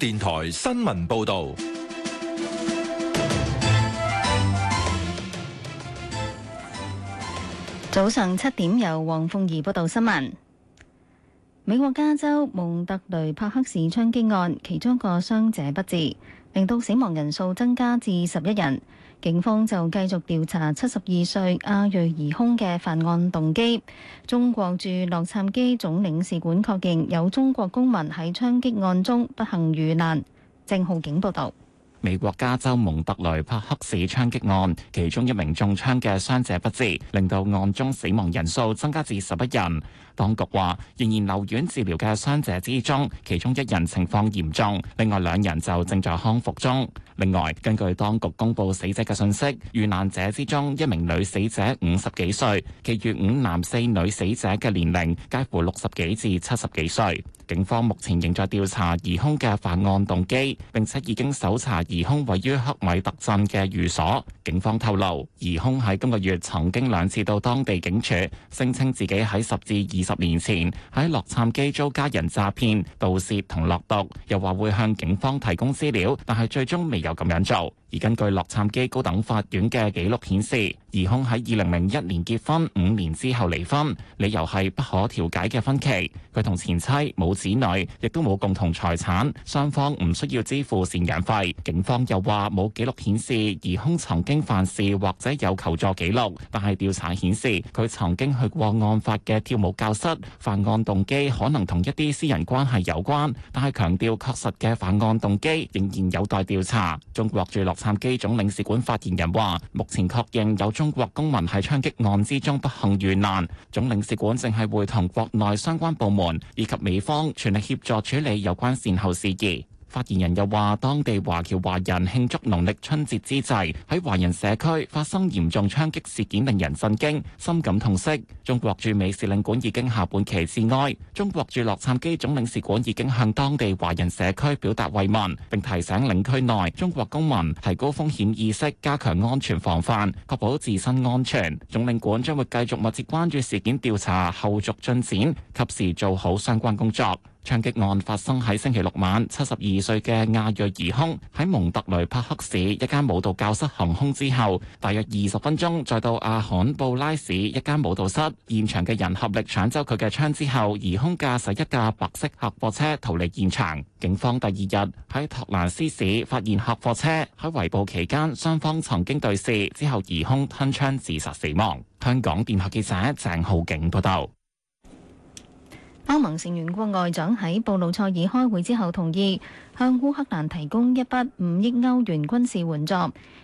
電台新聞報道：早上七點，由黃鳳儀報道新聞。美國加州蒙特雷帕克市槍擊案，其中一個傷者不治，令到死亡人數增加至十一人。警方就繼續調查七十二歲阿瑞疑兇嘅犯案動機。中國駐洛杉磯總領事館確認有中國公民喺槍擊案中不幸遇難。鄭浩景報道。美國加州蒙特雷帕克市槍擊案，其中一名中槍嘅傷者不治，令到案中死亡人數增加至十一人。當局話，仍然留院治療嘅傷者之中，其中一人情況嚴重，另外兩人就正在康復中。另外，根據當局公布死者嘅信息，遇難者之中一名女死者五十幾歲，其餘五男四女死者嘅年齡介乎六十幾至七十幾歲。警方目前仍在調查疑兇嘅犯案動機，並且已經搜查疑兇位於克米特鎮嘅寓所。警方透露，疑兇喺今個月曾經兩次到當地警署，聲稱自己喺十至二十年前喺洛杉磯遭家人詐騙、盜竊同落毒，又話會向警方提供資料，但係最終未有咁樣做。而根據洛杉磯高等法院嘅記錄顯示，疑兇喺二零零一年結婚五年之後離婚，理由係不可調解嘅分歧。佢同前妻冇子女，亦都冇共同財產，雙方唔需要支付贍養費。警方又話冇記錄顯示疑兇曾經犯事或者有求助記錄，但係調查顯示佢曾經去過案發嘅跳舞教室。犯案動機可能同一啲私人關係有關，但係強調確實嘅犯案動機仍然有待調查。中國駐洛三基總領事館發言人話，目前確認有中國公民喺槍擊案之中不幸遇難，總領事館正係會同國內相關部門以及美方全力協助處理有關善後事宜。發言人又話：當地華僑華人慶祝農曆春節之際，喺華人社區發生嚴重槍擊事件，令人震驚，深感痛惜。中國駐美使領館已經下半旗致哀，中國駐洛杉磯總領事館已經向當地華人社區表達慰問，並提醒領區內中國公民提高風險意識，加強安全防範，確保自身安全。總領館將會繼續密切關注事件調查後續進展，及時做好相關工作。槍擊案發生喺星期六晚，七十二歲嘅亞裔疑兇喺蒙特雷帕克市一間舞蹈教室行凶之後，大約二十分鐘，再到阿罕布拉市一間舞蹈室，現場嘅人合力搶走佢嘅槍之後，疑兇駕駛一架白色客貨車逃離現場。警方第二日喺托蘭斯市發現客貨車，喺圍捕期間，雙方曾經對峙之後，疑兇吞槍自殺死亡。香港電台記者鄭浩景報道。歐盟成員國外長喺布魯塞爾開會之後，同意向烏克蘭提供一筆五億歐元軍事援助，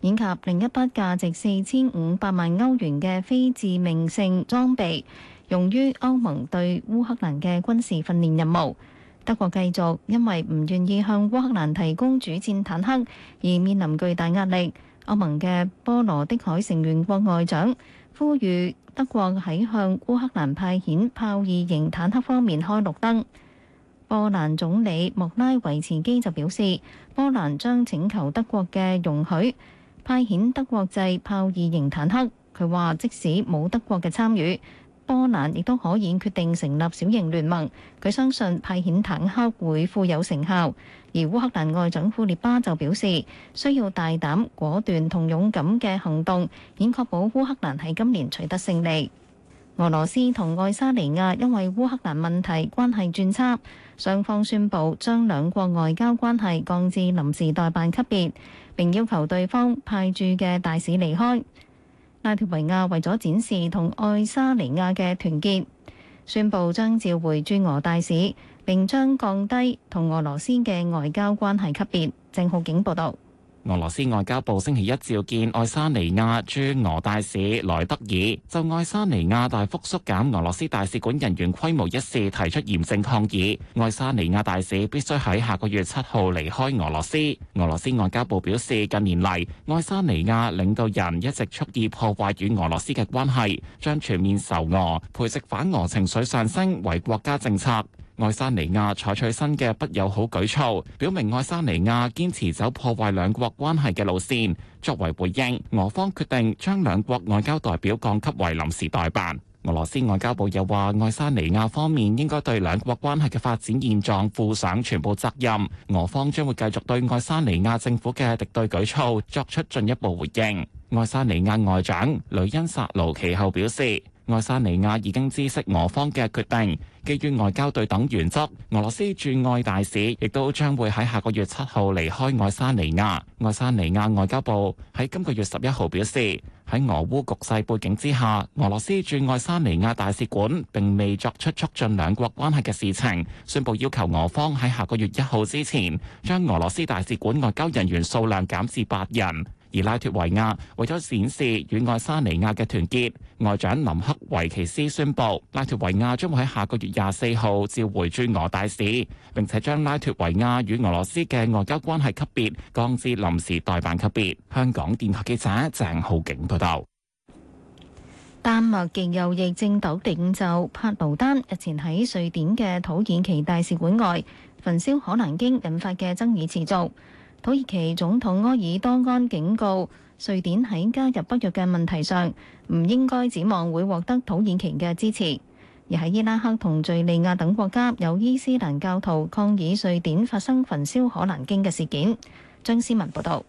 以及另一筆價值四千五百萬歐元嘅非致命性裝備，用於歐盟對烏克蘭嘅軍事訓練任務。德國繼續因為唔願意向烏克蘭提供主戰坦克，而面臨巨大壓力。歐盟嘅波羅的海成員國外長呼籲德國喺向烏克蘭派遣豹二型坦克方面開綠燈。波蘭總理莫拉維茨基就表示，波蘭將請求德國嘅容許派遣德國製豹二型坦克。佢話，即使冇德國嘅參與。波蘭亦都可以決定成立小型聯盟，佢相信派遣坦克會富有成效。而烏克蘭外長庫列巴就表示，需要大膽、果斷同勇敢嘅行動，以確保烏克蘭喺今年取得勝利。俄羅斯同愛沙尼亞因為烏克蘭問題關係轉差，雙方宣布將兩國外交關係降至臨時代辦級別，並要求對方派駐嘅大使離開。拉脫維亞為咗展示同愛沙尼亞嘅團結，宣布將召回駐俄大使，並將降低同俄羅斯嘅外交關係級別。鄭浩景報道。俄羅斯外交部星期一召見愛沙尼亞駐俄大使萊德爾，就愛沙尼亞大幅縮減俄羅斯大使館人員規模一事提出嚴正抗議。愛沙尼亞大使必須喺下個月七號離開俄羅斯。俄羅斯外交部表示，近年嚟愛沙尼亞領導人一直蓄意破壞與俄羅斯嘅關係，將全面仇俄、培植反俄情緒上升為國家政策。愛沙尼亞採取新嘅不友好舉措，表明愛沙尼亞堅持走破壞兩國關係嘅路線。作為回應，俄方決定將兩國外交代表降級為臨時代辦。俄羅斯外交部又話：愛沙尼亞方面應該對兩國關係嘅發展現狀負上全部責任。俄方將會繼續對愛沙尼亞政府嘅敵對舉措作出進一步回應。愛沙尼亞外長雷恩薩盧其後表示。愛沙尼亞已經知悉俄方嘅決定，基於外交對等原則，俄羅斯駐外大使亦都將會喺下個月七號離開愛沙尼亞。愛沙尼亞外交部喺今個月十一號表示，喺俄烏局勢背景之下，俄羅斯駐愛沙尼亞大使館並未作出促進兩國關係嘅事情，宣佈要求俄方喺下個月一號之前將俄羅斯大使館外交人員數量減至八人。而拉脱維亞為咗展示與愛沙尼亞嘅團結，外長林克維奇斯宣布，拉脱維亞將會喺下個月廿四號召回駐俄大使，並且將拉脱維亞與俄羅斯嘅外交關係級別降至臨時代辦級別。香港電台記者鄭浩景報道。丹麥極右翼政鬥領袖帕勞丹日前喺瑞典嘅土耳其大使館外焚燒可蘭經引發嘅爭議持續。土耳其總統埃爾多安警告，瑞典喺加入北約嘅問題上唔應該指望會獲得土耳其嘅支持，而喺伊拉克同敘利亞等國家有伊斯蘭教徒抗議瑞典發生焚燒可蘭經嘅事件。張思文報導。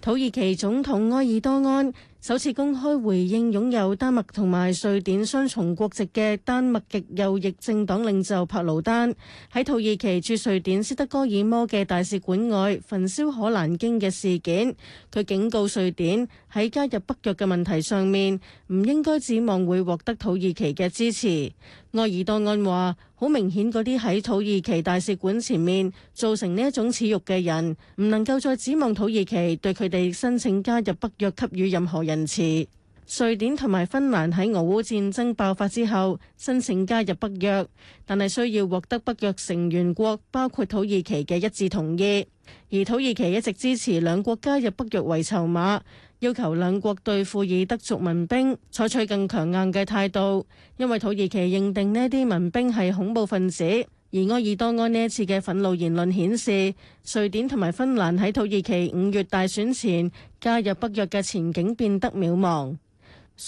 土耳其總統埃爾多安。首次公開回應擁有丹麥同埋瑞典雙重國籍嘅丹麥極右翼政黨領袖帕魯丹，喺土耳其駐瑞典斯德哥爾摩嘅大使館外焚燒可蘭經嘅事件，佢警告瑞典。喺加入北約嘅問題上面，唔應該指望會獲得土耳其嘅支持。埃爾多安話：好明顯，嗰啲喺土耳其大使館前面造成呢一種恥辱嘅人，唔能夠再指望土耳其對佢哋申請加入北約給予任何仁慈。瑞典同埋芬蘭喺俄烏戰爭爆發之後申請加入北約，但係需要獲得北約成員國包括土耳其嘅一致同意，而土耳其一直支持兩國加入北約為籌碼。要求兩國對庫爾德族民兵採取更強硬嘅態度，因為土耳其認定呢啲民兵係恐怖分子。而埃爾多安呢一次嘅憤怒言論顯示，瑞典同埋芬蘭喺土耳其五月大選前加入北約嘅前景變得渺茫。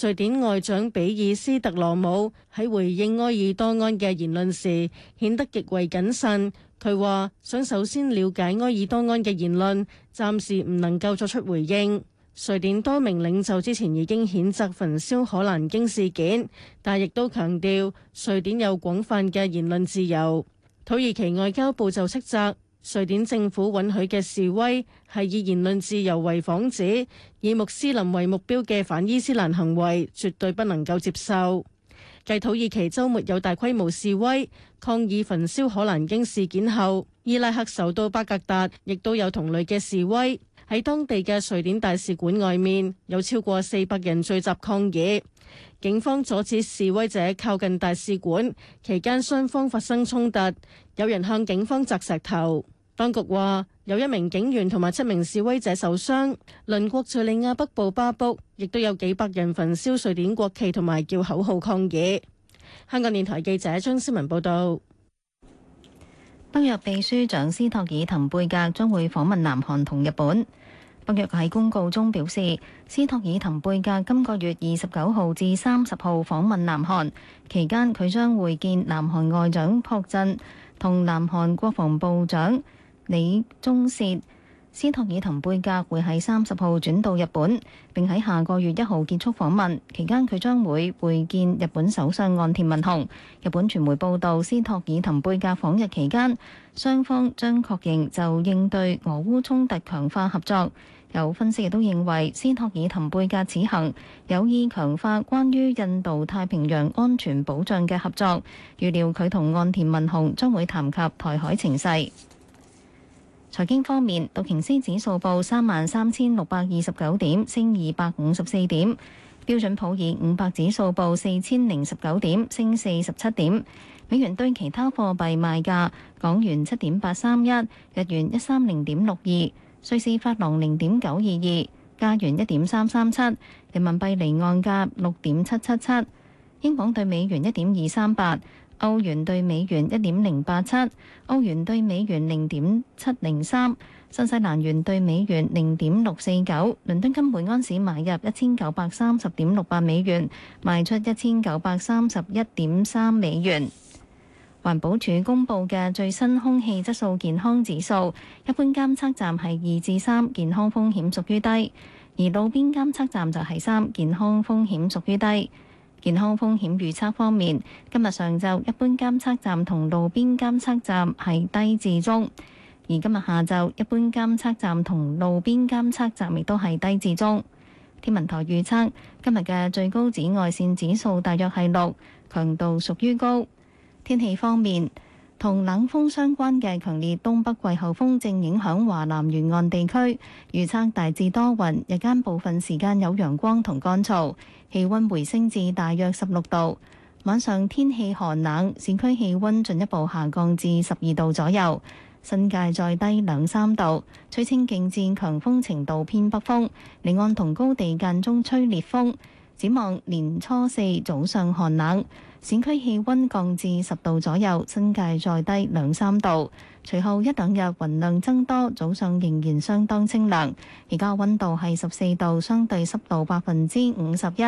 瑞典外長比爾斯特羅姆喺回應埃爾多安嘅言論時，顯得極為謹慎。佢話想首先了解埃爾多安嘅言論，暫時唔能夠作出回應。瑞典多名領袖之前已經譴責焚燒可蘭經事件，但亦都強調瑞典有廣泛嘅言論自由。土耳其外交部就斥責瑞典政府允許嘅示威係以言論自由為幌子，以穆斯林為目標嘅反伊斯蘭行為絕對不能夠接受。繼土耳其周末有大規模示威抗議焚燒可蘭經事件後，伊拉克首都巴格達亦都有同類嘅示威。喺當地嘅瑞典大使館外面有超過四百人聚集抗議，警方阻止示威者靠近大使館，期間雙方發生衝突，有人向警方砸石頭。當局話有一名警員同埋七名示威者受傷。鄰國敘利亞北部巴卜亦都有幾百人焚燒瑞典國旗同埋叫口號抗議。香港電台記者張思文報道。北約秘書長斯托爾滕貝格將會訪問南韓同日本。北約喺公告中表示，斯托爾滕貝格今個月二十九號至三十號訪問南韓，期間佢將會見南韓外長朴振同南韓國防部長李鍾燮。斯托爾滕貝格會喺三十號轉到日本，並喺下個月一號結束訪問。期間佢將會會見日本首相岸田文雄。日本傳媒報導，斯托爾滕貝格訪日期間，雙方將確認就應對俄烏衝突強化合作。有分析亦都認為，斯托爾滕貝格此行有意強化關於印度太平洋安全保障嘅合作，預料佢同岸田文雄將會談及台海情勢。財經方面，道瓊斯指數報三萬三千六百二十九點，升二百五十四點；標準普爾五百指數報四千零十九點，升四十七點。美元對其他貨幣賣價：港元七點八三一，日元一三零點六二，瑞士法郎零點九二二，加元一點三三七，人民幣離岸價六點七七七，英鎊對美元一點二三八。歐元對美元一點零八七，歐元對美元零點七零三，新西蘭元對美元零點六四九，倫敦金每安士買入一千九百三十點六八美元，賣出一千九百三十一點三美元。環保署公布嘅最新空氣質素健康指數，一般監測站係二至三，健康風險屬於低；而路邊監測站就係三，健康風險屬於低。健康風險預測方面，今日上晝一般監測站同路邊監測站係低至中，而今日下晝一般監測站同路邊監測站亦都係低至中。天文台預測，今日嘅最高紫外線指數大約係六，強度屬於高。天氣方面。同冷風相關嘅強烈東北季候風正影響華南沿岸地區，預測大致多雲，日間部分時間有陽光同乾燥，氣温回升至大約十六度。晚上天氣寒冷，市區氣温進一步下降至十二度左右，新界再低兩三度。吹清勁至強風程度偏北風，離岸同高地間中吹烈風。展望年初四早上寒冷。市區氣温降至十度左右，新界再低兩三度。隨後一兩日雲量增多，早上仍然相當清涼。而家温度係十四度，相對濕度百分之五十一。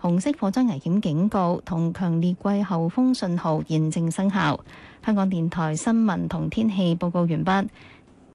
紅色火災危險警告同強烈季候風信號現正生效。香港電台新聞同天氣報告完畢。